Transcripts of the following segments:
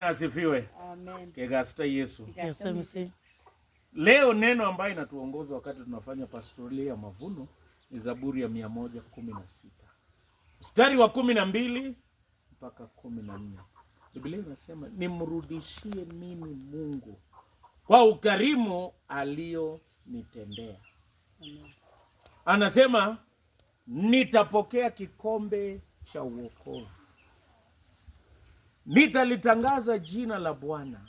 Asifiwe. Amen. Kegasta Yesu. Kegasta leo neno ambayo inatuongoza wakati tunafanya pastoria ya mavuno ni Zaburi ya mia moja kumi na sita mstari wa kumi na mbili mpaka kumi na nne Biblia inasema nimrudishie mimi Mungu kwa ukarimu alionitendea. Anasema nitapokea kikombe cha uokovu Nitalitangaza jina la Bwana,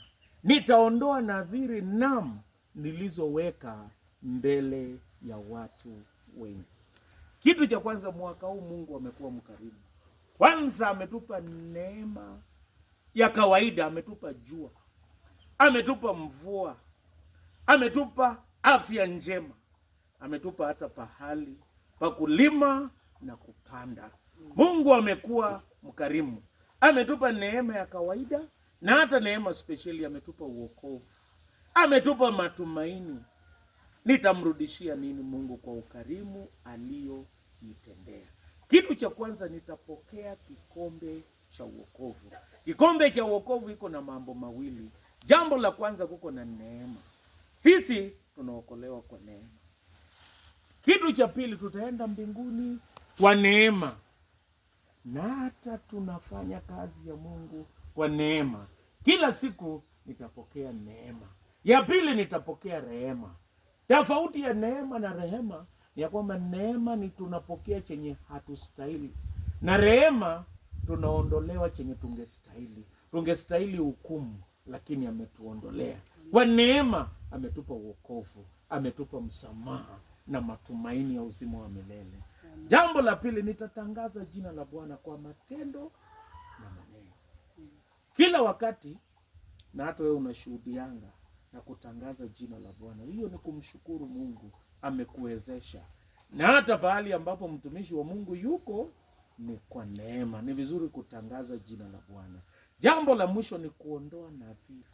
nitaondoa nadhiri nam nilizoweka mbele ya watu wengi. Kitu cha kwanza mwaka huu Mungu amekuwa mkarimu. Kwanza ametupa neema ya kawaida, ametupa jua, ametupa mvua, ametupa afya njema, ametupa hata pahali pa kulima na kupanda. Mungu amekuwa mkarimu ametupa neema ya kawaida na hata neema spesheli, ametupa uokovu, ametupa matumaini. Nitamrudishia nini Mungu kwa ukarimu aliyonitendea? Kitu cha kwanza nitapokea kikombe cha uokovu. Kikombe cha uokovu iko na mambo mawili. Jambo la kwanza, kuko na neema, sisi tunaokolewa kwa neema. Kitu cha pili, tutaenda mbinguni kwa neema na hata tunafanya kazi ya Mungu kwa neema. Kila siku nitapokea neema. Ya pili, nitapokea rehema. Tofauti ya neema na rehema ni ya kwamba neema ni tunapokea chenye hatustahili, na rehema tunaondolewa chenye tungestahili. Tungestahili hukumu, lakini ametuondolea kwa neema. Ametupa uokovu, ametupa msamaha na matumaini ya uzima wa milele. Jambo la pili, nitatangaza jina la Bwana kwa matendo na maneno kila wakati, na hata wewe unashuhudianga na kutangaza jina la Bwana. Hiyo ni kumshukuru Mungu amekuwezesha, na hata pahali ambapo mtumishi wa Mungu yuko ni kwa neema. Ni vizuri kutangaza jina la Bwana. Jambo la mwisho ni kuondoa nadhiri.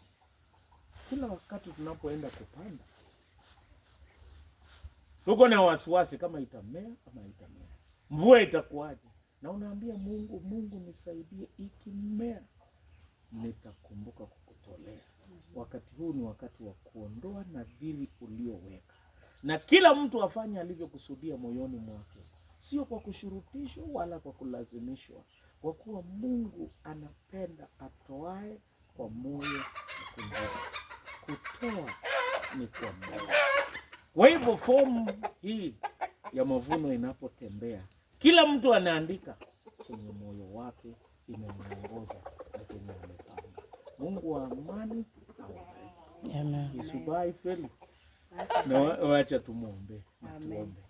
Kila wakati tunapoenda kupanda Tuko na wasiwasi kama itamea ama itamea, mvua itakuwaje? Na unaambia Mungu, Mungu nisaidie, ikimea nitakumbuka kukutolea. Wakati huu ni wakati wa kuondoa nadhiri ulioweka, na kila mtu afanye alivyokusudia moyoni mwake, sio kwa kushurutishwa wala kwa kulazimishwa, kwa kuwa Mungu anapenda atoae kwa moyo mkunjufu. Kutoa ni kwa moyo kwa hivyo fomu hii ya mavuno inapotembea, kila mtu anaandika chenye moyo wake imemwongoza na chenye amepanga. Mungu wa amani awabariki. Amen. Isubai Felix, na wacha tumwombee na tuombe.